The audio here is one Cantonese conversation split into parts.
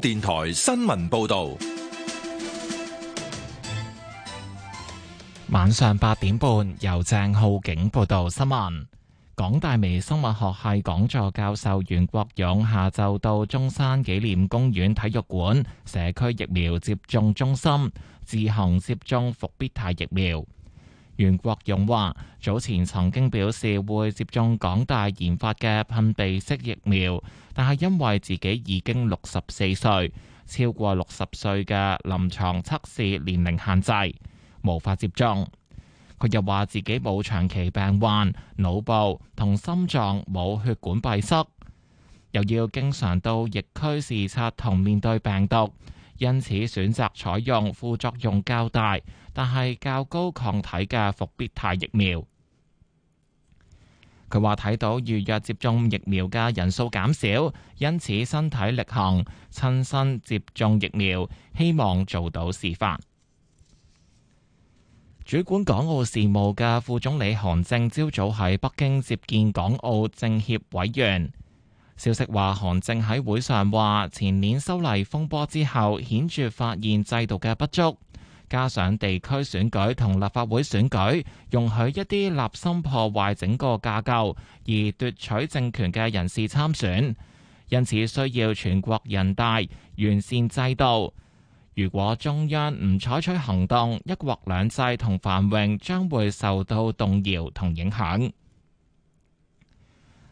電台新聞報道，晚上八點半由鄭浩景報道新聞。港大微生物學系講座教授袁國勇下晝到中山紀念公園體育館社區疫苗接種中心自行接種復必泰疫苗。袁國勇話：早前曾經表示會接種港大研發嘅噴鼻式疫苗，但係因為自己已經六十四歲，超過六十歲嘅臨床測試年齡限制，無法接種。佢又話自己冇長期病患，腦部同心臟冇血管閉塞，又要經常到疫區視察同面對病毒。因此選擇採用副作用較大但係較高抗體嘅復必泰疫苗。佢話睇到預約接種疫苗嘅人數減少，因此身體力行親身接種疫苗，希望做到示範。主管港澳事務嘅副總理韓正朝早喺北京接見港澳政協委員。消息話，韓正喺會上話：前年修例風波之後，顯著發現制度嘅不足，加上地區選舉同立法會選舉容許一啲立心破壞整個架構而奪取政權嘅人士參選，因此需要全國人大完善制度。如果中央唔採取行動，一國兩制同繁榮將會受到動搖同影響。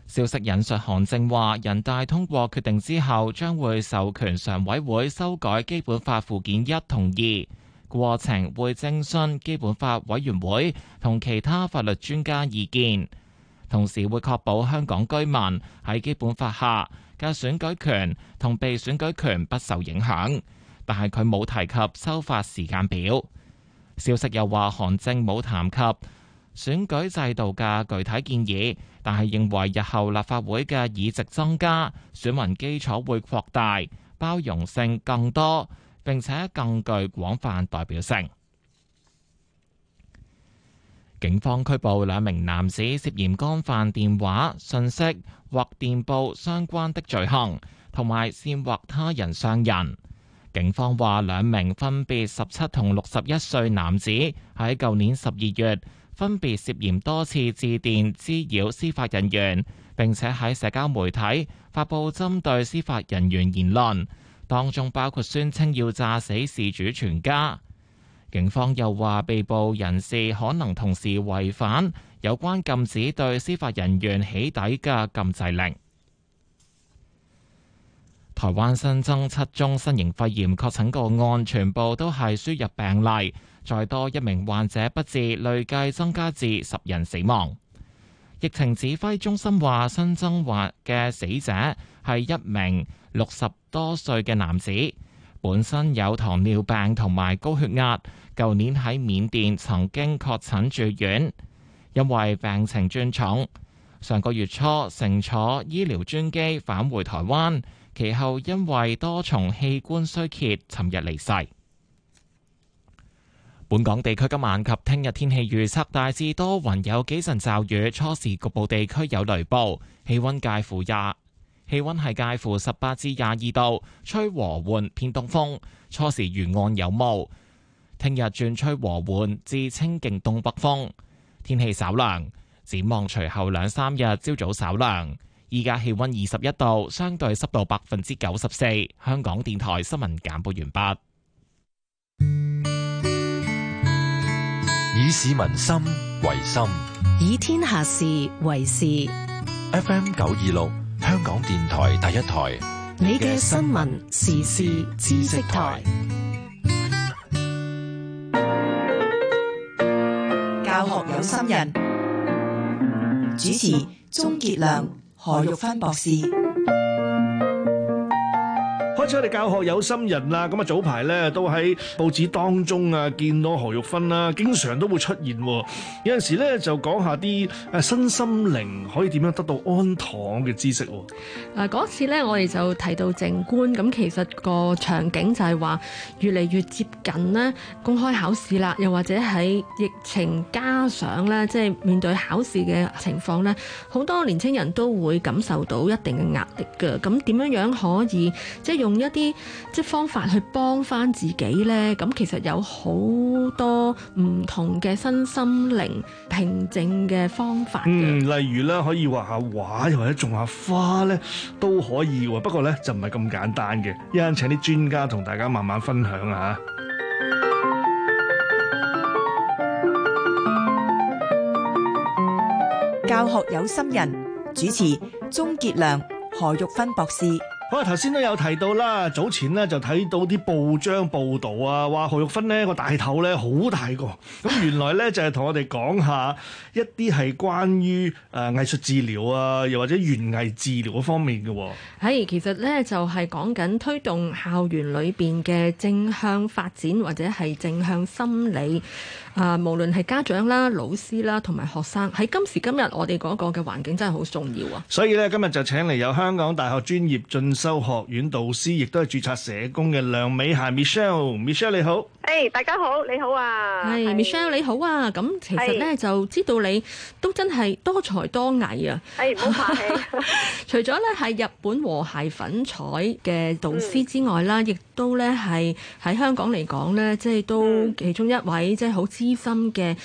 消息引述韓正話：人大通過決定之後，將會授權常委會修改基本法附件一同二，過程會徵詢基本法委員會同其他法律專家意見，同時會確保香港居民喺基本法下嘅選舉權同被選舉權不受影響。但係佢冇提及修法時間表。消息又話韓正冇談及。選舉制度嘅具體建議，但係認為日後立法會嘅議席增加，選民基礎會擴大，包容性更多，並且更具廣泛代表性。警方拘捕兩名男子，涉嫌干犯電話、信息或電報相關的罪行，同埋煽惑他人傷人。警方話，兩名分別十七同六十一歲男子喺舊年十二月。分別涉嫌多次致電滋擾司法人員，並且喺社交媒體發布針對司法人員言論，當中包括宣稱要炸死事主全家。警方又話，被捕人士可能同時違反有關禁止對司法人員起底嘅禁制令。台灣新增七宗新型肺炎確診個案，全部都係輸入病例。再多一名患者不治，累計增加至十人死亡。疫情指揮中心話，新增患嘅死者係一名六十多歲嘅男子，本身有糖尿病同埋高血壓，舊年喺緬甸曾經確診住院，因為病情轉重，上個月初乘坐醫療專機返回台灣，其後因為多重器官衰竭，尋日離世。本港地區今晚及聽日天氣預測大致多雲，有幾陣驟雨，初時局部地區有雷暴。氣溫介乎廿，氣溫係介乎十八至廿二度，吹和緩偏東風，初時沿岸有霧。聽日轉吹和緩至清勁東北風，天氣稍涼。展望隨後兩三日，朝早稍涼。依家氣溫二十一度，相對濕度百分之九十四。香港電台新聞簡報完畢。以市民心為心，以天下事為事。FM 九二六，香港電台第一台，你嘅新聞時事知識台，教學有心人，主持鍾傑良、何玉芬博士。我哋教學有心人啦，咁啊早排咧都喺報紙當中啊見到何玉芬啦、啊，經常都會出現、啊，有陣時咧就講下啲誒身心靈可以點樣得到安躺嘅知識、啊。嗱、呃，嗰次咧我哋就提到靜觀，咁其實個場景就係話越嚟越接近咧公開考試啦，又或者喺疫情加上咧，即、就、係、是、面對考試嘅情況咧，好多年青人都會感受到一定嘅壓力㗎。咁點樣樣可以即係用？用一啲即方法去幫翻自己呢。咁其實有好多唔同嘅身心靈平靜嘅方法嘅、嗯，例如啦，可以畫下畫，又或者種下花呢，都可以嘅。不過呢，就唔係咁簡單嘅，一陣請啲專家同大家慢慢分享吓。教學有心人主持鍾傑良、何玉芬博士。好啊！頭先都有提到啦，早前咧就睇到啲報章報導啊，話何玉芬呢個大頭咧好大個，咁原來咧就係同我哋講下一啲係關於誒藝術治療啊，又或者園藝治療嗰方面嘅喎。係，其實咧就係講緊推動校園裏邊嘅正向發展，或者係正向心理。啊，無論係家長啦、老師啦，同埋學生，喺今時今日我哋嗰個嘅環境真係好重要啊！所以咧，今日就請嚟有香港大學專業進修學院導師，亦都係註冊社工嘅梁美嫻 Mich Michelle，Michelle 你好。誒，hey, 大家好，你好啊！係、hey, Michelle 你好啊！咁其實咧 Hey. 就知道你都真係多才多藝啊！係，唔好怕氣。 除咗咧係日本和諧粉彩嘅導師之外啦，亦、嗯、都咧係喺香港嚟講咧，即、就、係、是、都其中一位即係好醫生嘅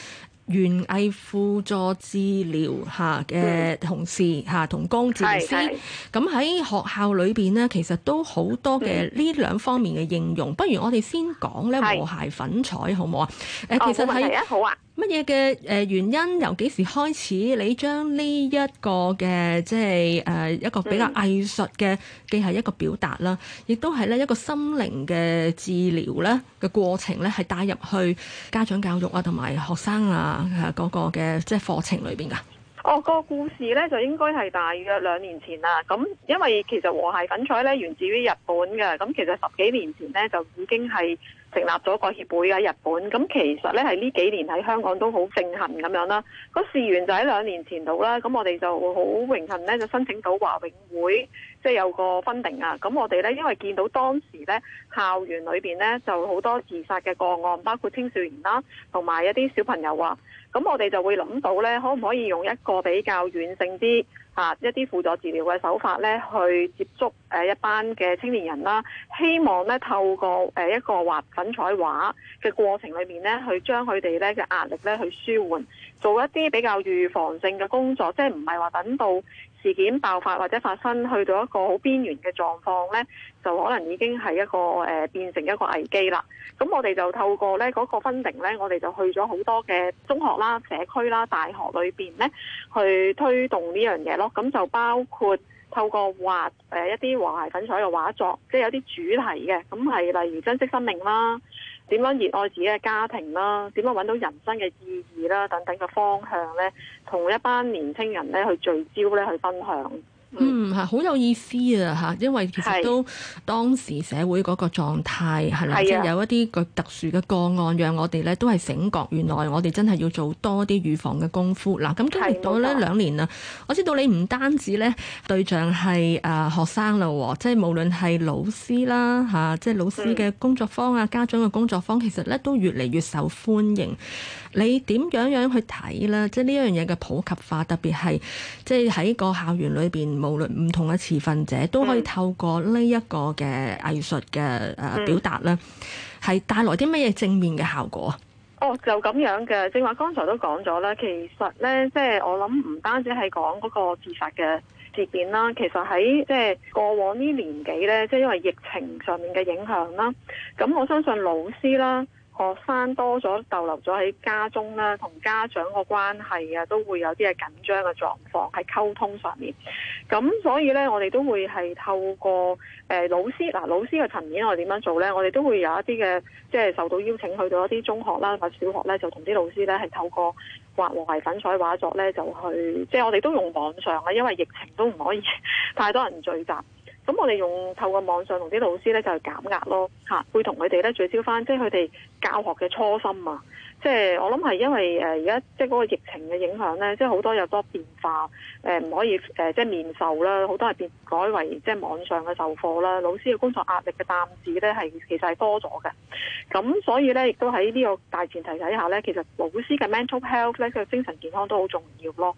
園藝輔助治療下嘅同事吓、嗯、同江治師，咁喺學校裏邊咧,其實都好多嘅呢兩方面嘅應用。不如我哋先講咧，和諧粉彩是好唔好？哦，好啊。誒，其實係。乜嘢嘅誒原因？由幾時開始？你將呢一個嘅即係誒、呃、一個比較藝術嘅既係一個表達啦，亦都係呢一個心靈嘅治療咧嘅過程咧，係帶入去家長教育啊同埋學生啊係嗰個嘅即係課程裏邊噶。哦，個故事咧就應該係大約兩年前啦。咁因為其實和諧粉彩咧源自於日本嘅，咁其實十幾年前咧就已經係。成立咗個協會喺日本，咁其實咧係呢幾年喺香港都好盛行咁樣啦。個事緣就喺兩年前度啦，咁我哋就好榮幸咧，就申請到華永會，即係有個 funding 啊！咁我哋呢，因為見到當時呢校園裏邊呢，就好多自殺嘅個案，包括青少年啦，同埋一啲小朋友啊。咁我哋就會諗到呢，可唔可以用一個比較軟性啲嚇一啲輔助治療嘅手法呢，去接觸誒一班嘅青年人啦。希望呢，透過誒一個畫粉彩畫嘅過程裏面呢，去將佢哋呢嘅壓力呢，去舒緩，做一啲比較預防性嘅工作，即係唔係話等到。事件爆發或者發生去到一個好邊緣嘅狀況呢，就可能已經係一個誒、呃、變成一個危機啦。咁我哋就透過呢嗰、那個 funding 呢，我哋就去咗好多嘅中學啦、社區啦、大學裏邊呢，去推動呢樣嘢咯。咁就包括透過畫誒一啲和諧粉彩嘅畫作，即係有啲主題嘅，咁係例如珍惜生命啦。點樣熱愛自己嘅家庭啦，點樣揾到人生嘅意義啦，等等嘅方向咧，同一班年輕人咧去聚焦咧，去分享。嗯，嚇好有意思啊！嚇，因為其實都當時社會嗰個狀態啦，是吧即係有一啲個特殊嘅個案，讓我哋咧都係醒覺，原來我哋真係要做多啲預防嘅功夫。嗱、嗯，咁經歷到呢兩的年啦，我知道你唔單止咧對象係誒、呃、學生啦、哦，即係無論係老師啦嚇、啊，即係老師嘅工作坊啊，的家長嘅工作坊，其實咧都越嚟越受歡迎。你點樣樣去睇咧？即係呢一樣嘢嘅普及化，特別係即係喺個校園裏邊。無論唔同嘅持份者都可以透過呢一個嘅藝術嘅誒表達咧，係帶、嗯、來啲乜嘢正面嘅效果？哦，就咁樣嘅，正話剛才都講咗啦，其實咧，即、就、係、是、我諗唔單止係講嗰個自殺嘅事件啦，其實喺即係過往呢年幾咧，即、就、係、是、因為疫情上面嘅影響啦。咁我相信老師啦。學生多咗逗留咗喺家中啦，同家長個關係啊，都會有啲嘅緊張嘅狀況喺溝通上面。咁所以呢，我哋都會係透過誒老師嗱，老師嘅、啊、層面我哋點樣做呢？我哋都會有一啲嘅即係受到邀請去到一啲中學啦或者小學呢，就同啲老師呢係透過畫和泥粉彩畫作呢就去即係我哋都用網上啊，因為疫情都唔可以 太多人聚集。咁我哋用透過網上同啲老師咧就係減壓咯，吓會同佢哋咧聚焦翻，即係佢哋教學嘅初心嘛。即係我諗係因為誒而家即係嗰個疫情嘅影響咧，即係好多有多變化誒，唔、呃、可以誒、呃、即係面授啦，好多係變改為即係網上嘅授課啦。老師嘅工作壓力嘅擔子咧係其實係多咗嘅。咁所以咧亦都喺呢個大前提底下咧，其實老師嘅 mental health 咧，佢精神健康都好重要咯。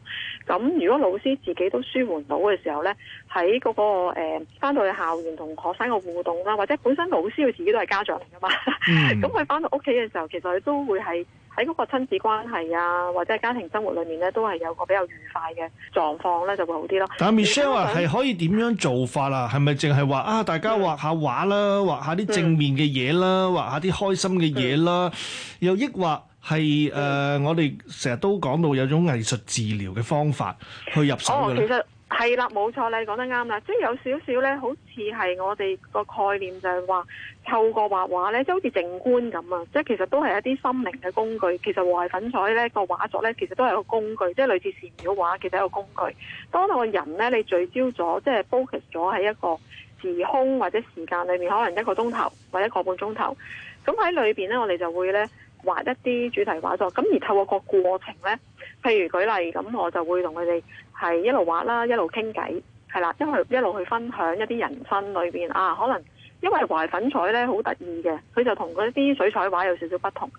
咁如果老師自己都舒緩到嘅時候咧，喺嗰、那個誒翻、呃、到去校園同學生嘅互動啦，或者本身老師佢自己都係家長嚟噶嘛，咁佢翻到屋企嘅時候其實佢都會係。喺嗰個親子關係啊，或者係家庭生活裏面咧，都係有個比較愉快嘅狀況咧，就會好啲咯。但係 Michelle 啊，係可以點樣做法啊？係咪淨係話啊，大家畫下畫啦，畫下啲正面嘅嘢啦，畫下啲開心嘅嘢啦，又抑或係誒，我哋成日都講到有種藝術治療嘅方法去入手㗎咧。係啦，冇錯，你講得啱啦，即係有少少咧，好似係我哋個概念就係話透過畫畫咧，即係好似靜觀咁啊，即係其實都係一啲心靈嘅工具。其實和為粉彩咧個畫作咧，其實都係一個工具，即係類似禪繞畫嘅一個工具。當個人咧，你聚焦咗，即係 focus 咗喺一個時空或者時間裏面，可能一個鐘頭或者一個半鐘頭，咁喺裏邊咧，我哋就會咧。畫一啲主題畫作，咁而透過個過程呢，譬如舉例，咁我就會同佢哋係一路畫啦，一路傾偈，係啦，因為一路去分享一啲人生裏邊啊，可能因為畫粉彩呢好得意嘅，佢就同嗰啲水彩畫有少少不同，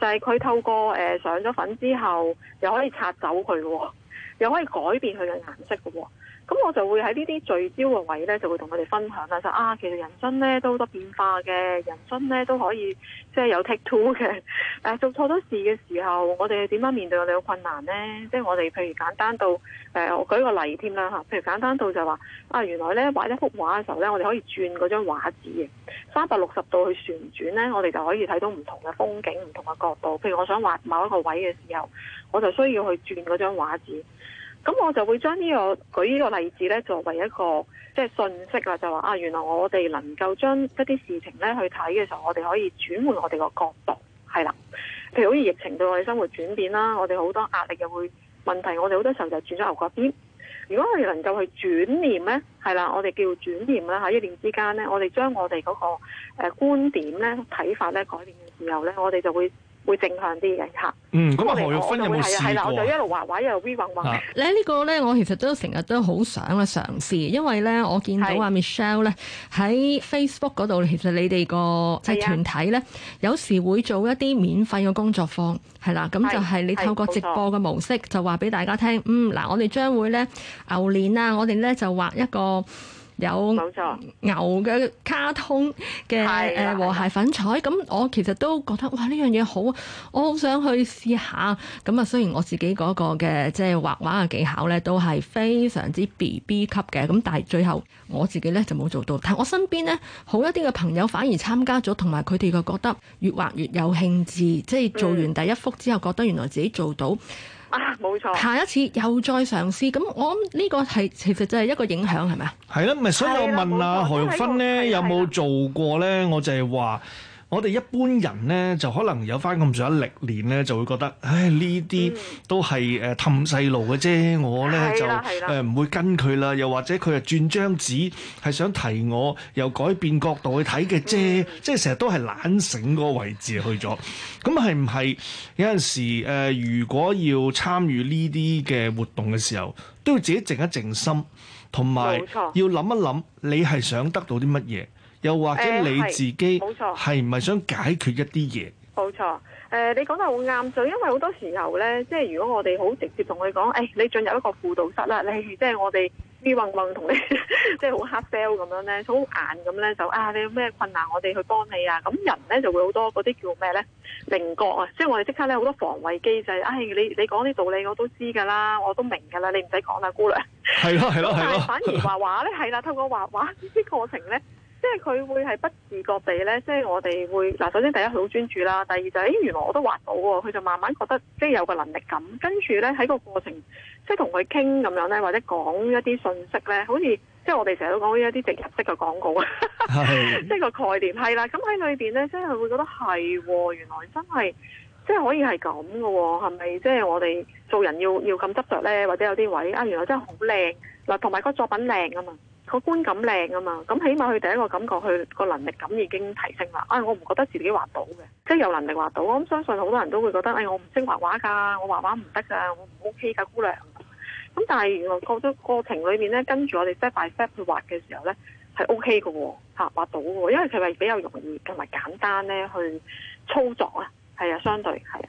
就係、是、佢透過誒、呃、上咗粉之後，又可以拆走佢、哦，又可以改變佢嘅顏色喎、哦。咁我就會喺呢啲聚焦嘅位呢就會同佢哋分享啦，就啊，其實人生呢都好多變化嘅，人生呢都可以即係有 take two 嘅。誒、啊，做錯咗事嘅時候，我哋點樣面對我哋嘅困難呢？即係我哋譬如簡單到誒，呃、我舉個例添啦吓，譬如簡單到就話啊，原來呢畫一幅畫嘅時候呢，我哋可以轉嗰張畫紙嘅三百六十度去旋轉呢，我哋就可以睇到唔同嘅風景、唔同嘅角度。譬如我想畫某一個位嘅時候，我就需要去轉嗰張畫紙。咁我就會將呢個舉呢個例子咧，作為一個即係信息啊，就話啊，原來我哋能夠將一啲事情咧去睇嘅時候，我哋可以轉換我哋個角度，係啦。譬如好似疫情對我哋生活轉變啦，我哋好多壓力又會問題，我哋好多時候就轉咗牛角邊。如果我哋能夠去轉念咧，係啦，我哋叫轉念啦嚇，一念之間咧，我哋將我哋嗰個誒觀點咧、睇法咧改變嘅時候咧，我哋就會。會正向啲嘅嚇，嗯，咁啊但你 何玉岳芬有，有試過。係啦，我就一路畫畫，一路 we 呢個咧，我其實都成日都好想去嘗試，因為咧，我見到阿 Michelle 咧喺的 Facebook 嗰度，其實你哋個即係團體咧，的有時會做一啲免費嘅工作坊，係啦，咁就係你透過直播嘅模式，就話俾大家聽，的嗯嗱，我哋將會咧牛年啊，我哋咧就畫一個。有牛嘅卡通嘅，誒和諧粉彩，咁冇錯，我其實都覺得哇！呢樣嘢好，我好想去試下。咁啊，雖然我自己嗰個嘅即係畫畫嘅技巧呢都係非常之 B B 級嘅，咁但係最後我自己呢就冇做到。但係我身邊呢，好一啲嘅朋友反而參加咗，同埋佢哋就覺得越畫越有興致，即係做完第一幅之後，嗯、覺得原來自己做到。冇錯。下一次又再嘗試，咁我諗呢個係其實就係一個影響，係咪啊？係咯，咪所以我問阿何玉芬咧，的有冇做過咧？我就係話。我哋一般人咧，就可能有返咁上下歷練咧，就會覺得，唉呢啲都係誒氹細路嘅啫。我咧的就誒唔的、呃、會跟佢啦，又或者佢係轉張紙係想提我，又改變角度去睇嘅啫。嗯、即係成日都係懶醒個位置去咗。咁係唔係有陣時誒、呃？如果要參與呢啲嘅活動嘅時候，都要自己靜一靜心，同埋錯要諗一諗，你係想得到啲乜嘢？又或者你自己，冇錯錯，係唔係想解決一啲嘢？冇錯，誒、呃，你講得好啱，就因為好多時候咧，即係如果我哋好直接同佢講，誒、欸，你進入一個輔導室啦，你即係我哋啲嗡嗡同你，即係好 黑 sell 咁樣咧，好硬咁咧，就啊，你有咩困難我，我哋去幫你啊，咁人咧就會好多嗰啲叫咩咧，明覺啊，即係我哋即刻咧好多防衞機制，唉、哎，你你講啲道理我都知㗎啦，我都明㗎啦，你唔使講啦，姑娘。係咯，係咯，係反而畫畫咧，係啦， 透過畫畫呢啲過程咧。即係佢會係不自覺地呢，即係我哋會嗱，首先第一佢好專注啦，第二就係、是，咦、欸，原來我都畫到，佢就慢慢覺得即係有個能力感，跟住呢，喺個過程，即係同佢傾咁樣呢，或者講一啲信息呢，好似即係我哋成日都講一啲植入式嘅廣告啊，即係個的 概念係啦，咁喺裏邊呢，即係佢會覺得係，原來真係即係可以係咁噶，係咪？即係我哋做人要要咁執着呢，或者有啲位啊，原來真係好靚嗱，同埋個作品靚啊嘛。個觀感靚啊嘛，咁起碼佢第一個感覺，佢個能力感已經提升啦。啊、哎，我唔覺得自己畫到嘅，即係有能力畫到。我相信好多人都會覺得，誒、哎，我唔識畫畫噶，我畫畫唔得噶，我唔 OK 噶，姑娘。咁但係，原來過咗過程裏面咧，跟住我哋 step by step 去畫嘅時候咧，係 OK 噶、哦，吓畫到嘅，因為佢係比較容易同埋簡單咧去操作啊，係啊，相對係啊。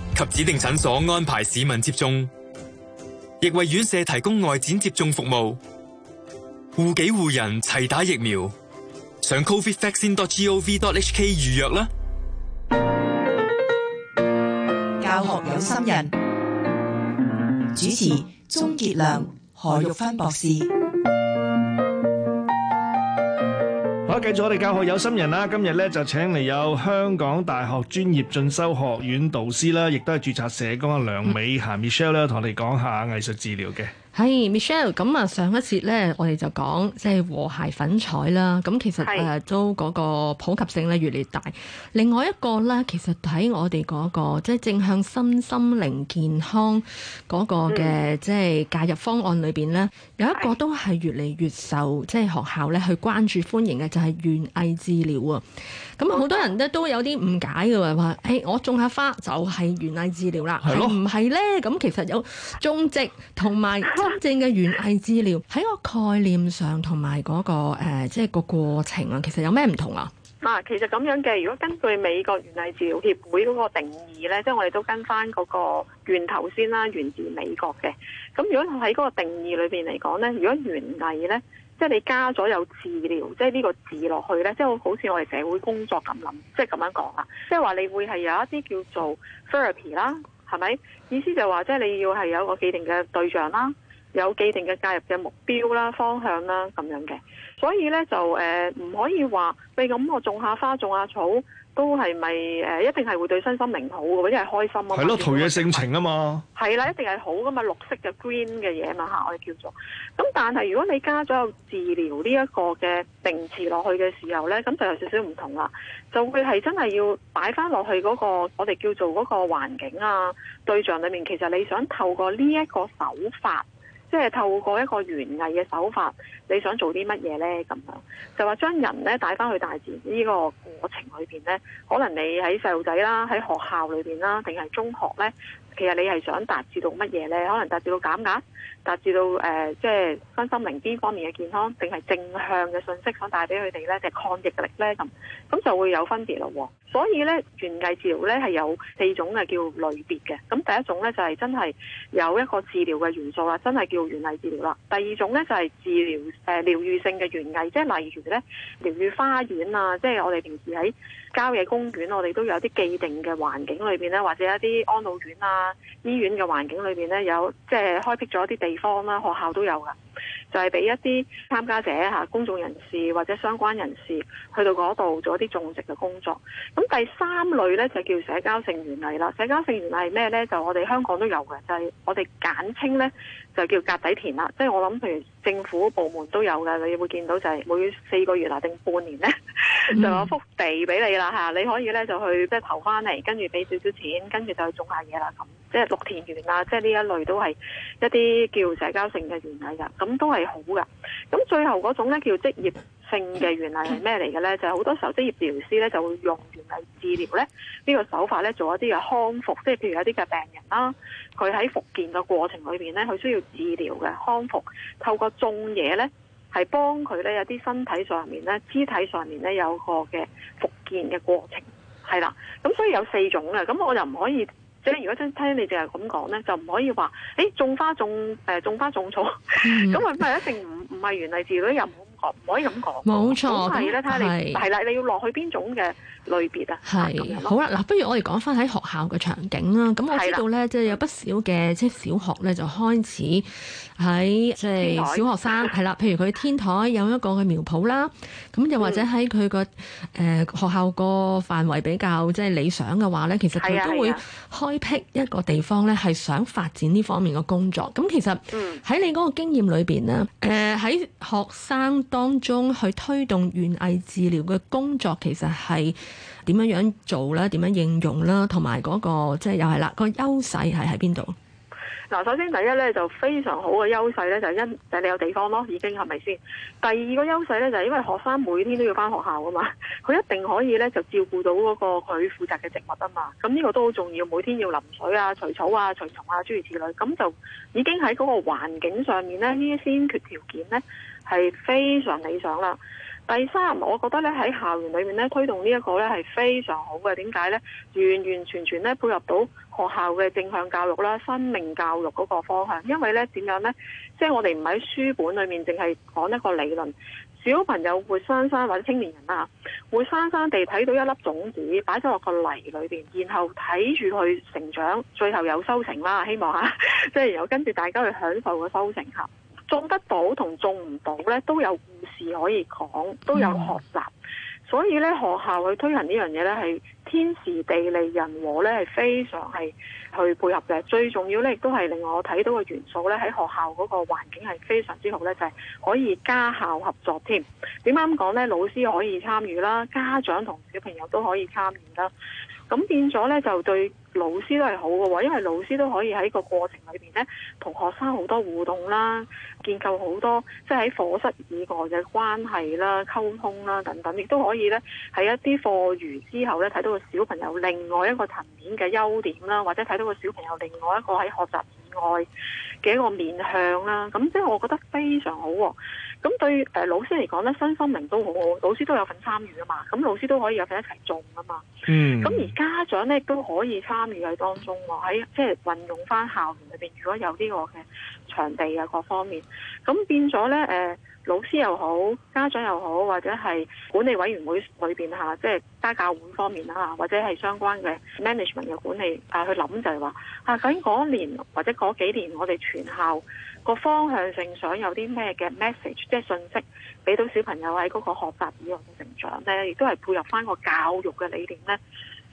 及指定診所安排市民接種，亦為院舍提供外展接種服務，護己護人齊打疫苗，上 covidvaccine.gov.hk 預約啦。教學有心人，主持鍾傑良、何玉芬博士。繼續我哋教學有心人啦，今日呢，就請嚟有香港大學專業進修學院導師啦，亦都係註冊社工阿梁美嫻 Michelle 咧，同我哋講下園藝治療嘅。係、hey, Michelle，咁啊上一節咧，我哋就講即係和諧粉彩啦。咁其實誒是、啊、都嗰個普及性咧越嚟越大。另外一個咧，其實喺我哋嗰、那個即係、就是、正向身心靈健康嗰個嘅即係介入方案裏邊咧，有一個都係越嚟越受即係、就是、學校咧去關注歡迎嘅，就係、是、園藝治療啊。咁好多人 Okay. 都有啲誤解嘅喎，話、欸、我種下花就係園藝治療啦，係唔係咧？咁 其實有種植同埋。真正嘅園藝治療喺個概念上同埋嗰個、呃、即係個過程啊，其實有咩唔同啊？嗱，其實咁樣嘅，如果根據美國園藝治療協會嗰個定義咧，即係我哋都跟翻嗰個源頭先啦，源自美國嘅。咁如果喺嗰個定義裏邊嚟講咧，如果園藝咧，即係你加咗有治療，即係呢個治落去咧，即係好似我哋社會工作咁諗、就是，即係咁樣講啦。即係話你會係有一啲叫做 therapy 啦，係咪？意思就話即係你要係有一個既定嘅對象啦。有既定嘅介入嘅目標啦、方向啦咁樣嘅，所以呢，就誒唔呃可以話你咁我種下花、種下草都係咪誒一定係會對身心靈好嘅，或者係開心啊？係咯，陶冶性情啊嘛。係啦，一定係好噶嘛，綠色嘅 green 嘅嘢嘛嚇，我哋叫做。咁但係如果你加咗有治療呢一個嘅定義落去嘅時候呢，咁就有少少唔同啦，就會係真係要擺翻落去嗰個我哋叫做嗰個環境啊、對象裏面，其實你想透過呢一個手法。即係透過一個園藝嘅手法，你想做啲乜嘢呢？咁樣就話將人呢帶返去大自然呢個過程裏邊呢，可能你喺細路仔啦，喺學校裏邊啦，定係中學呢，其實你係想達至到乜嘢呢？可能達至到減壓。達至到誒，即係分心靈邊方面嘅健康，定係正向嘅信息所帶俾佢哋咧，定、就、係、是、抗逆力咧咁，咁、嗯、就會有分別咯。所以咧，園藝治療咧係有四種嘅叫類別嘅。咁第一種咧就係、是、真係有一個治療嘅元素啦，真係叫園藝治療啦。第二種咧就係、是、治療誒、呃、療癒性嘅園藝，即係例如咧療癒花園啊，即係我哋平時喺郊野公園，我哋都有啲既定嘅環境裏邊咧，或者一啲安老院啊、醫院嘅環境裏邊咧，有即係開闢咗一啲地。地方啦，學校都有噶，就係、是、俾一啲參加者吓公眾人士或者相關人士去到嗰度做一啲種植嘅工作。咁第三類咧就叫社交性園藝啦。社交性園藝係咩咧？就我哋香港都有嘅，就係、是、我哋簡稱咧。就叫格仔田啦，即係我諗，譬如政府部門都有嘅，你會見到就係每四個月啦定半年呢， 就有幅地畀你啦吓，你可以呢，就去即係投翻嚟，跟住俾少少錢，跟住就去種下嘢啦，咁即係綠田園啊，即係呢一類都係一啲叫社交性嘅原理噶，咁都係好噶，咁最後嗰種呢，叫職業性嘅原理係咩嚟嘅咧？就係好多時候職業治療師咧就會用園藝治療咧呢個手法咧做一啲嘅康復，即係譬如有啲嘅病人啦，佢喺復健嘅過程裏邊咧，佢需要治療嘅康復，透過種嘢咧係幫佢咧有啲身體上面咧肢體上面咧有個嘅復健嘅過程，係啦。咁所以有四種嘅，咁我就唔可以即係如果真聽你淨係咁講咧，就唔可以話誒種花種誒種花種草，咁係咪一定唔唔係園藝治療又？唔可以咁講，冇錯，咁睇你係啦，你要落去邊種嘅類別啊？係是，好啦，嗱，不如我哋講翻喺學校嘅場景啦。咁我知道咧，即係的有不少嘅即係小學咧，就開始喺即係小學生係啦台，譬如佢天台有一個嘅苗圃啦，咁 又或者喺佢個誒學校個範圍比較即係理想嘅話咧，其實佢都會開闢一個地方咧，係想發展呢方面嘅工作。咁其實喺你嗰個經驗裏邊咧，誒喺、 呃、學生。當中去推動園藝治療嘅工作，其實係點樣樣做啦？點樣應用啦？同埋嗰個即係、就是、又係啦，個優勢係喺邊度？嗱，首先第一咧就非常好嘅優勢咧，就係因就你有地方咯，已經係咪先？第二個優勢咧就係因為學生每天都要翻學校啊嘛，佢一定可以咧就照顧到嗰個佢負責嘅植物啊嘛。咁呢個都好重要，每天要淋水啊、除草啊、除蟲啊諸如此類。咁就已經喺嗰個環境上面咧，呢一先決條件咧，係非常理想啦。第三，我覺得咧喺校園裏面咧推動呢一個咧係非常好嘅。點解咧？完完全全咧配合到學校嘅正向教育啦、生命教育嗰個方向。因為咧點樣咧？即係我哋唔喺書本裏面淨係講一個理論，小朋友活生生或者青年人啊，活生生地睇到一粒種子擺咗落個泥裏邊，然後睇住佢成長，最後有收成啦。希望吓即係又跟住大家去享受個收成吓。種得到同種唔到呢，都有故事可以講，都有學習，所以呢，學校去推行呢樣嘢呢，係天時地利人和呢，係非常係去配合嘅。最重要呢，亦都係令我睇到嘅元素呢，喺學校嗰個環境係非常之好呢，就係可以家校合作添。點解咁講呢？老師可以參與啦，家長同小朋友都可以參與啦。咁變咗咧，就對老師都係好嘅喎，因為老師都可以喺個過程裏邊咧，同學生好多互動啦，建構好多，即係喺課室以外嘅關係啦、溝通啦等等，亦都可以咧喺一啲課餘之後咧，睇到個小朋友另外一個層面嘅優點啦，或者睇到個小朋友另外一個喺學習以外嘅一個面向啦，咁即係我覺得非常好哦。咁對誒老師嚟講咧，新生命都好好，老師都有份參與啊嘛，咁老師都可以有份一齊種啊嘛。嗯。咁而家長咧都可以參與喺當中喎，喺即係運用返校園裏邊如果有呢個嘅場地啊各方面，咁變咗咧誒，呃老師又好，家長又好，或者係管理委員會裏邊吓、啊，即係家教會方面啦、啊、或者係相關嘅 management 嘅管理，啊去諗就係話，啊究竟嗰年或者嗰幾年，我哋全校個方向性想有啲咩嘅 message，即係信息俾到小朋友喺嗰個學習以外嘅成長咧，亦都係配合翻個教育嘅理念咧，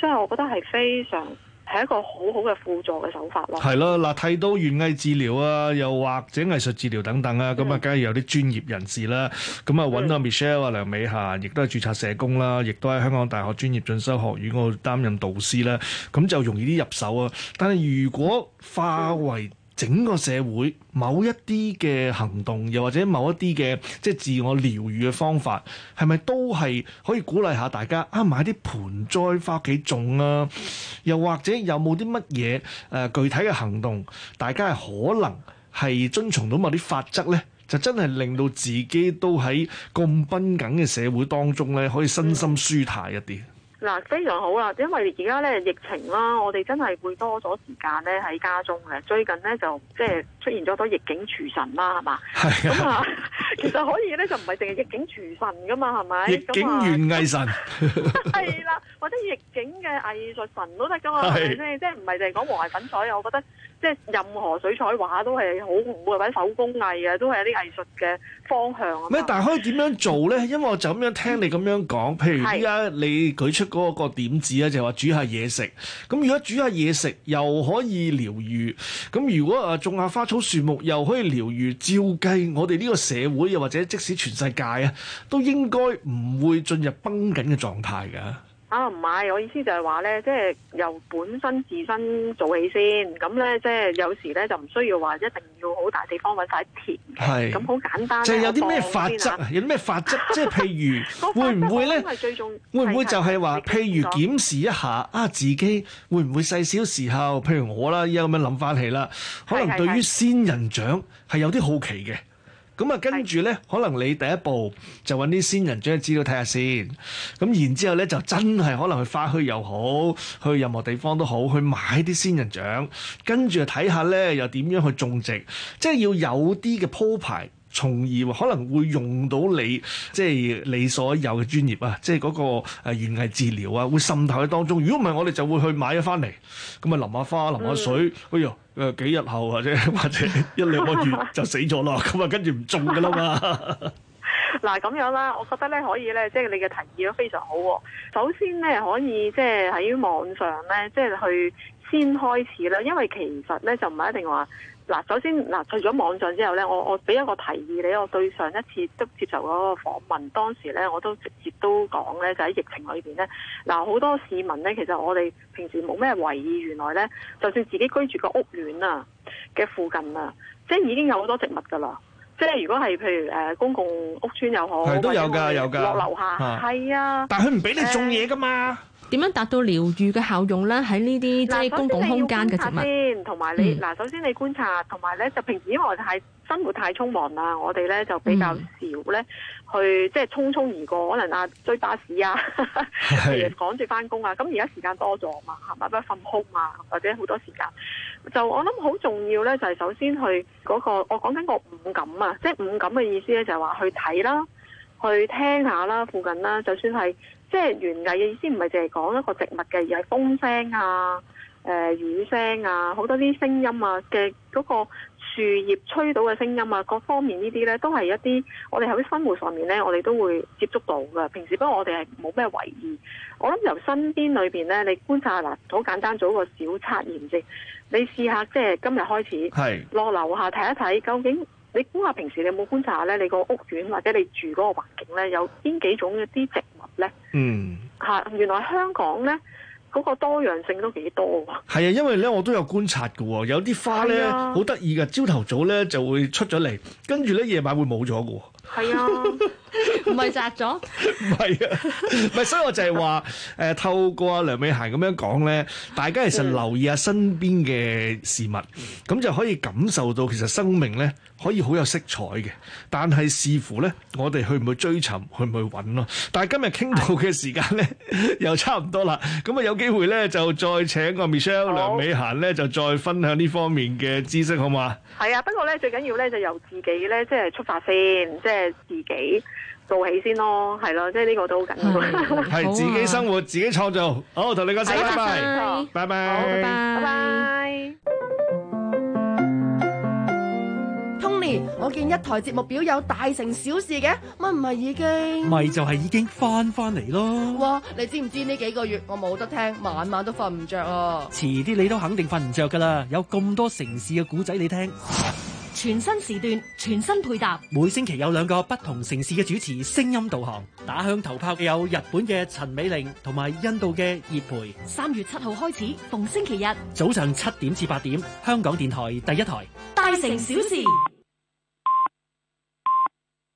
即係我覺得係非常。係一個好好嘅輔助嘅手法咯。係咯，嗱， 睇到園藝治療啊，又或者藝術治療等等啊，咁啊，梗係有啲專業人士啦。咁啊，揾阿 Michelle 啊、梁美嫻，亦都係註冊社工啦，亦都喺香港大學專業進修學院嗰度擔任導師啦。咁就容易啲入手啊。但係如果化為整個社會某一啲嘅行動，又或者某一啲嘅即係自我療癒嘅方法，係咪都係可以鼓勵下大家？啊，買啲盆栽返屋企種啊，又或者有冇啲乜嘢誒具體嘅行動，大家係可能係遵從到某啲法則呢，就真係令到自己都喺咁繃緊嘅社會當中呢，可以身心舒泰一啲。嗯。嗱，非常好啦，因為而家咧疫情啦，我哋真係會多咗時間咧喺家中嘅，最近咧就即係。出現咗多逆境廚神啦，係嘛？咁啊是的、嗯，其實可以咧，就唔係淨係逆境廚神噶嘛，係咪？逆境園藝神係啦，嗯，或者逆境嘅藝術神都得噶嘛，係咪是的 的即係唔係淨係講和諧粉彩？我覺得即係任何水彩畫都係好唔會揾手工藝啊，都係一啲藝術嘅方向。咩，嗯？但係可以點樣做咧？因為我就咁樣聽你咁樣講，譬如依家你舉出嗰個點子咧，就係話、是，煮下嘢食。咁如果煮下嘢食又可以療愈，咁如果啊種下花草。樹木又可以療愈，照計我哋呢個社會又或者即使全世界啊，都應該唔會進入繃緊嘅狀態㗎。啊，唔係，我意思就係話咧，即係由本身自身做起先，咁咧即係有時咧就唔需要話一定要好大地方揾晒田，係是，咁好簡單。就係有啲咩法則，啊、有啲咩法則， 即係譬如會唔會咧？ 則會唔會,會,會就係話，是是譬如檢視一下是是啊，自己會唔會細小,小時候，譬如我啦，依家咁樣諗翻起啦，可能對於仙人掌係有啲好奇嘅。是是咁啊，跟住咧，可能你第一步就揾啲仙人掌嘅資料睇下先，咁然之後咧，就真係可能去花墟又好，去任何地方都好，去買啲仙人掌，跟住就睇下咧，又點樣去種植，即係要有啲嘅鋪排。從而可能會用到你，即係你所有嘅專業啊，即係嗰個誒園藝治療啊，會滲透喺當中。如果唔係，我哋就會去買咗返嚟，咁啊淋下花淋下水。嗯、哎呦，誒幾日後或者或者一兩個月就死咗啦，咁啊跟住唔種㗎啦嘛。嗱咁樣啦，我覺得咧可以咧，即係你嘅提議都非常好。首先咧可以即係喺網上咧即係去先開始啦，因為其實咧就唔係一定話。嗱，首先嗱，除咗網上之後咧，我我俾一個提議你。我對上一次都接受嗰個訪問，當時咧我都直接都講咧，就喺疫情裏邊咧，嗱好多市民咧，其實我哋平時冇咩留意，原來咧，就算自己居住個屋苑啊嘅附近啊，即係已經有好多植物㗎喇。即係如果係譬如誒、呃、公共屋邨又好，都有㗎，有㗎，落樓下係啊。啊但係佢唔俾你種嘢㗎嘛？呃點樣達到療愈嘅效用咧？喺呢啲即係公共空間嘅植物，同埋你嗱，你嗯、首先你觀察，同埋咧就平時因為我太生活太匆忙啊，我哋咧就比較少咧、嗯、去即係匆匆而過，可能啊追巴士啊，趕住翻工啊。咁而家時間多咗啊嘛，係咪？不瞓空啊，或者好多時間，就我諗好重要咧，就係、是、首先去嗰、嗰個我講緊個五感啊，即係五感嘅意思咧，就係話去睇啦。去聽下啦，附近啦，就算係即係園藝嘅意思，唔係淨係講一個植物嘅，而係風聲啊、誒、呃、雨聲啊，好多啲聲音啊嘅嗰、那個樹葉吹到嘅聲音啊，各方面呢啲咧都係一啲我哋喺啲生活上面咧，我哋都會接觸到噶。平時不過我哋係冇咩為意。我諗由身邊裏邊咧，你觀察下，嗱，好簡單做一個小測驗先，你試下即係今日開始，落樓下睇一睇究竟。你估下平時你有冇觀察下咧？你個屋苑或者你住嗰個環境咧，有邊幾種一啲植物咧？嗯，嚇！原來香港咧嗰個多樣性都幾多喎。係啊，因為咧我都有觀察㗎喎，有啲花咧好得意㗎，朝頭早咧就會出咗嚟，跟住咧夜晚會冇咗嘅。係啊，唔係摘咗，唔係 啊，唔係。所以我就係話，誒、呃、透過阿梁美嫻咁樣講咧，大家其實留意下身邊嘅事物，咁、嗯、就可以感受到其實生命咧可以好有色彩嘅。但係視乎咧，我哋去唔去追尋，去唔去揾咯。但係今日傾到嘅時間咧又差唔多啦，咁啊有機會咧就再請個 Michelle 好梁美嫻咧就再分享呢方面嘅知識好嘛？係啊，不過咧最緊要咧就由自己咧即係出發先，即係。即自己做起先咯，係咯，即係呢個都好緊要。係自己生活，自己創造。好，同你講聲，拜拜，拜拜，拜拜。Tony，我見一台節目表有大城小事嘅，乜唔係已經，咪就係已經翻翻嚟咯。哇，你知唔知呢幾個月我冇得聽，晚晚都瞓唔着啊！遲啲你都肯定瞓唔着噶啦，有咁多城市嘅古仔你聽。全新時段，全新配搭，每星期有兩個不同城市嘅主持聲音導航。打響頭炮嘅有日本嘅陳美玲同埋印度嘅葉培。三月七號開始，逢星期日早上七點至八點，香港電台第一台大城小事。